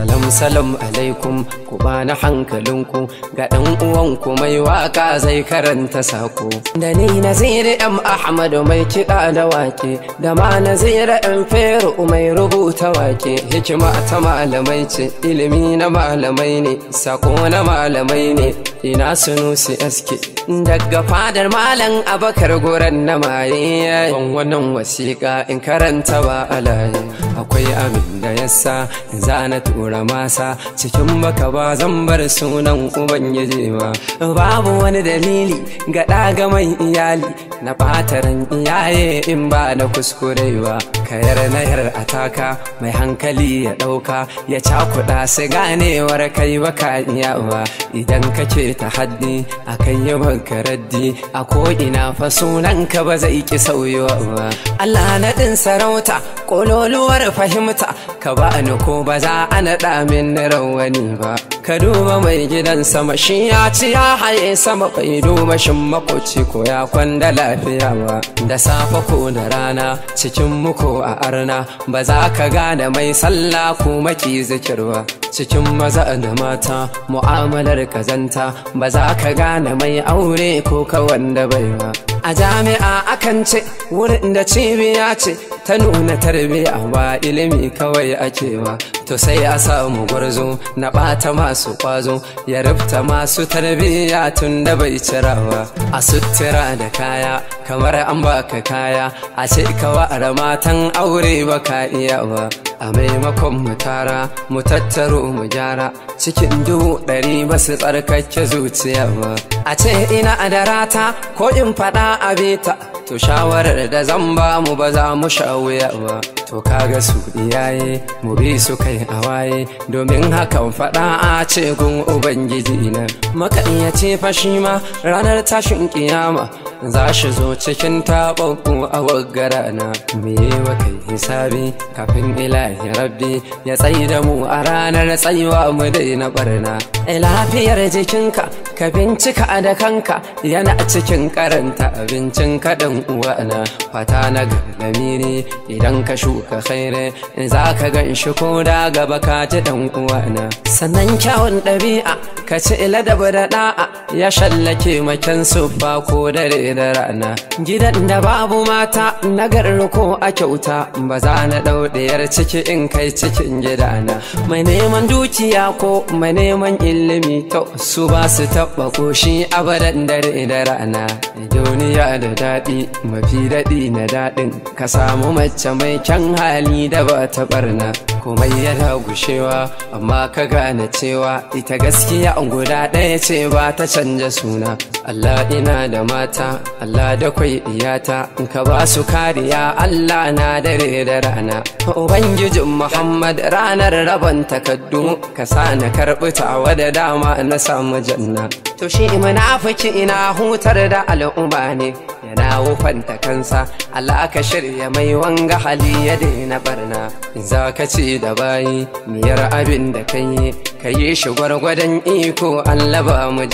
Salam salam alaikum ku bani hankalinku ga ɗan uwanku mai waka zai karanta sako. Da ni nazira M Ahmadu mai kiɗa da wake, da ma nazira M Feru mai rubuta wake. Hikima ta malamai ce, ilimi na malamai ne, sako na malamai ne, ina sunusi aske. Daga fadar malam abakar goran na maye, wannan wasiƙa in karanta ba alaye. akwai abin da yasa za na tura masa cikin baka ba zan bar sunan ubangiji ba babu wani dalili ga ɗaga mai iyali na ɓataran iyaye in ba na kuskure ba kayar nayar ataka mai hankali ya ɗauka ya cakuɗa su ganewar kai baka ba idan kake ta haddi a kan yawan karaddi a ko'ina fa sunanka ba zai ki sauyo ba Allah naɗin sarauta kololuwar fahimta ka ba ni ko ba za a naɗa min na rawani ba ka duba mai gidan sama shi ya ci ya haye sama bai duba shin makoci ko ya kwanda lafiya ba da safe ko da rana cikin muku a arna ba za ka gane mai sallah ko maki zikirwa. cikin maza da mata mu'amalar kazanta ba za ka gane mai aure ko ka wanda bai ba a jami'a akan ce wurin da cibiya ce ta nuna tarbiya ba ilimi kawai ake ba to sai a samu gwarzo na ɓata masu ƙwazo ya rufta masu tarbiya tun da bai cira ba a sutura da kaya kamar an baka kaya a ce ka matan aure ba ka iya ba a maimakon mu tara mu tattaro mu gyara cikin dubu ɗari ba su tsarkake zuciya ba a ce ina darata ko in faɗa a bita to shawarar da zan ba mu ba za mu sha wuya ba to kaga su iyaye mu bi su kai a waye domin hakan faɗa a ce gun ubangiji na maka ya ce fashi ma ranar tashin kiyama za shi zo cikin taɓaɓɓu a waggara na miye wa kai hisabi kafin ilahi rabbi ya tsayi da mu a ranar tsayuwa mu dai na barna lafiyar jikinka ka bincika a da kanka yana cikin karanta abincin kaɗan uwana fata na galami ne idan ka shuka khaire za ka gan shi ko da gaba ka ji ɗan uwana sannan kyawun ɗabi'a ka ci ila da ɗa'a ya shallake makin ba ko dare da ra'ana gidan da babu mata na ko a kyauta ba za na ɗau ciki in kai cikin gidana mai neman dukiya ko mai neman ilimi to su ba su taɓa koshi abadan dare da ra'ana duniya da daɗi mafi daɗi na daɗin ka samu mace mai kyan hali da ba ta ɓarna komai yana gushewa amma ka gane cewa ita gaskiya guda ɗaya ce ba ta canja suna Allah ina da mata Allah da kwai iyata in ka ba su kariya Allah na dare da rana Ubangijin Muhammad ranar rabon takaddu ka sa na karɓi tawa da dama na samu janna to shi munafici ina hutar da al'umma ne ya dawo fanta kansa Allah ka shirya mai wanga hali ya daina barna in za ka ci da bayi miyar abin da kan yi ka yi shi gwargwadon iko Allah ba mu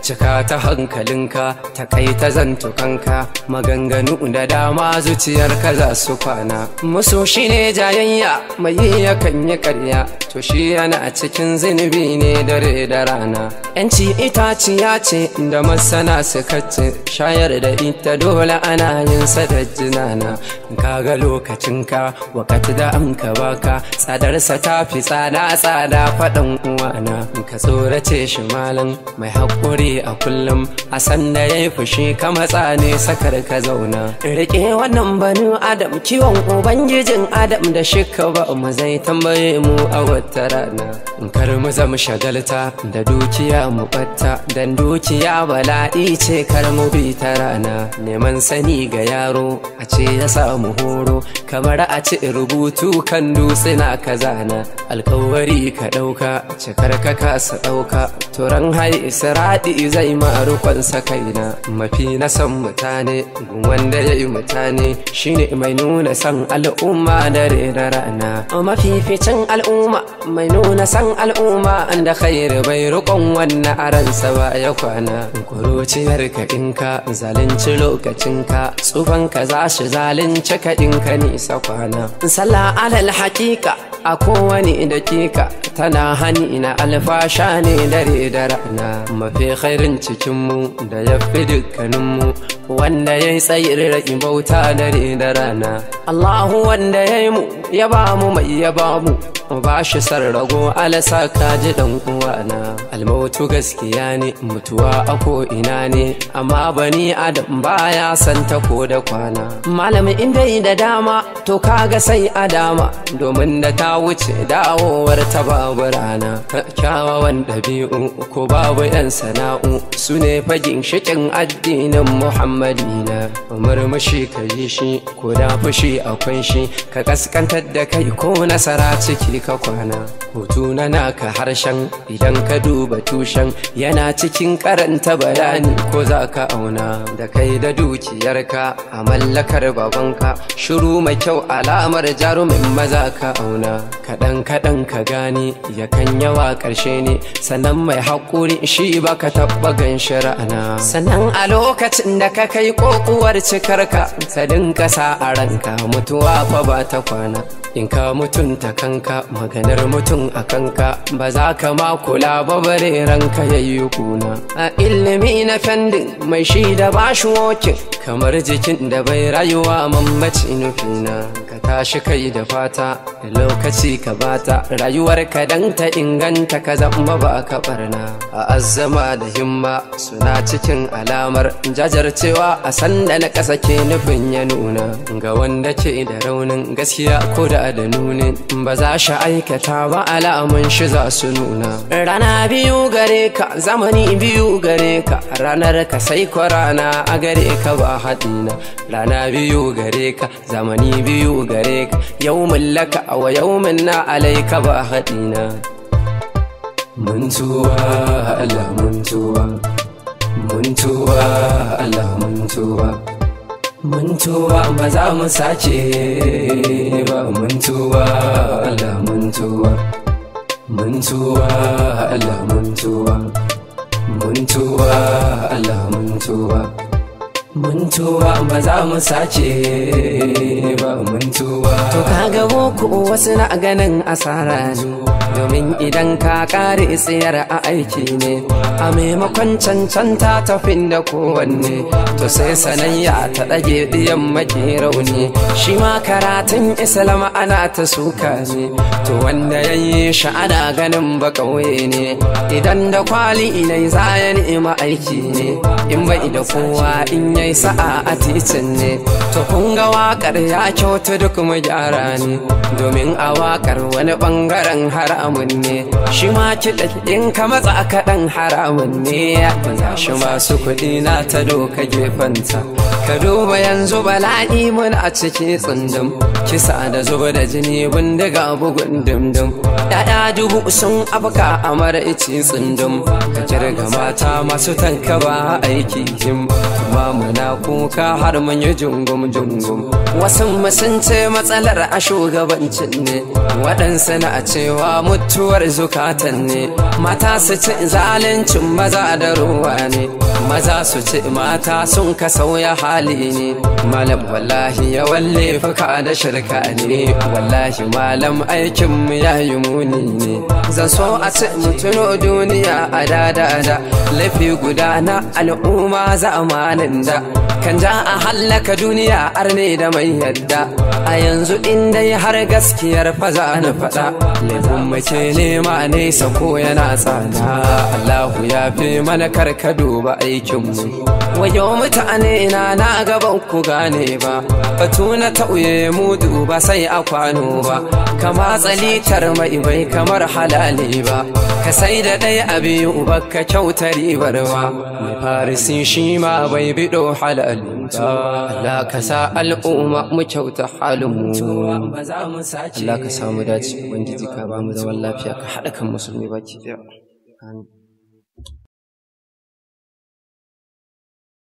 cika ta hankalinka ta kai ta zantukanka maganganu da dama zuciyar za su kwana musu ne jayayya mai yakan yi karya to shi yana cikin zunubi ne dare da rana yanci ya ce da masana su kacce shayar da ita dole ana yin da jinana kaga lokacinka wakati da an ka baka tsadarsa ta fi tsada tsada faɗin dan uwana ka tsorace shi malam mai haƙuri a kullum a sanda ya yi fushi ka matsa ne sakar ka zauna Rike wannan banu adam kiwon ubangijin adam da shika ba mu zai tambaye mu a wata rana kar mu zama shagalta da dukiya mu batta dan dukiya bala'i ce kar mu bi ta rana neman sani ga yaro a ce ya mu horo kamar a ce rubutu kan dutse na kazana alkawari ka ɗauka cikar ka kasa ɗauka turan hai isra'i zai ma'arukon kaina mafi na san mutane wanda ya yi mutane shine mai nuna san al'umma dare da rana mafificin al'umma mai nuna san al'umma da khairu bai rukon wannan aransa ba ya kwana kuruciyar ka ɗinka zalunci lokacinka tsufanka za shi zalunci ka ɗinka nisa kwana sallah alal haƙiƙa a kowane kika tana hani na alfasha ne dare da rana mafi khairin cikinmu da ya fi dukkaninmu wanda ya yi tsayin bauta dare da rana Allahu wanda ya yi mu ya ba mu mai ya ba mu mu ba shi sarrago alasa ka ji dan na almautu gaskiya ne mutuwa a ko ina ne amma bani adam baya san ta ko da kwana malami in dai da dama to kaga sai a dama domin da ta wuce dawowar ta babu rana kyawawan dabi'u, ko babu yan sana'u su ne fagin shikin addinin muhammadina murmushi ka yi shi ko da fushi akwai shi ka kaskanta da kai ko nasara ciki ka kwana na naka harshen idan ka duba tushen yana cikin karanta bayani ko za ka auna da kai da dukiyarka a mallakar babanka shiru mai kyau alamar jarumin maza ka auna kaɗan kaɗan ka gane yakan yawa ƙarshe ne sannan mai haƙuri shi baka taɓa ganshi ra'ana sannan a lokacin da ka kai ƙoƙuwar cikarka ta dinka sa a ranka mutuwa fa ba ta kwana in ka mutunta kanka maganar mutum din a kanka ba za ka ma kula ba bare ranka ya yi kuna a ilimi na fendin mai shi da bashi wokin kamar jikin da bai rayuwa mamaci nufina tashi kai da fata da lokaci ka bata rayuwar ka dan ta inganta ka zama ba ka barna a azama da himma suna cikin alamar jajarcewa a sanda na ƙasa ke nufin ya nuna ga wanda ke da raunin gaskiya ko da da nunin ba za shi aikata ba alamun shi za su nuna rana biyu gare ka zamani biyu gare ka ranar ka sai rana a gare ka ba haɗina rana biyu gare ka zamani biyu gare gare ka yaumin laka wa yaumin na alaika ba haɗina mun tuwa Allah mun tuwa mun tuwa Allah mun tuwa mun tuwa ba za mu sace ba mun tuwa Allah mun tuwa mun tuwa Allah mun tuwa mun tuwa Allah mun tuwa Muntuwa ba za mu sace ba muntuwa. To To kaga boko wasu na ganin asara ne, domin idan ka kare isiyar a aiki ne a maimakon cancanta tafin da kowanne to sai sanayya ta ɗage ɗiyan maki rauni shi ma karatun islam ana ta suka ne to wanda ya yi shi ana ganin ba ƙauye ne idan da kwali inai za ya ni'ima aiki ne in bai da kowa in ya mai sa'a a titin ne to kun ga wakar ya kyautu duk mu gyara ne domin a wakar wani bangaren haramun ne shi ma kiɗa in ka matsa kaɗan haramun ne ya shi masu kuɗi na ta doka gefenta ka duba yanzu bala'i muna ciki tsundum kisa da zuba da jini bindiga bugun dumdum ya'ya dubu sun abka a mara ici tsundum ka kirga mata masu tanka ba aiki jim ba muna kuka har mun yi jungum jungum wasu sun ce matsalar a shugabancin ne waɗansu na cewa mutuwar zukatan ne mata su ci zalincin maza da ruwa ne maza su ci mata sun ka sauya har hali ne malam wallahi ya walle faka da shirka ne wallahi malam aikin mu ya yi muni ne zan so a ce mutuno duniya a da da laifi guda na al'umma zamanin da kan ja a hallaka duniya arne da mai yadda a yanzu inda har gaskiyar faza na faɗa laifin mace nema nesa ko yana tsada Allahu ya fi mana karkado ba aikinmu wayo mutane na na gaban ku gane ba batu na tauye mudu ba sai a kwano ba kama tsalitar mai bai kamar halali ba ka sai da ɗaya a biyu ba ka kyauta ribar ba mai farisin shi ma bai biɗo halali mutuwa Allah ka sa al'umma mu kyauta halin mu Allah ka samu dace ubangiji ka ba mu zaman lafiya ka haɗa kan musulmi baki ɗaya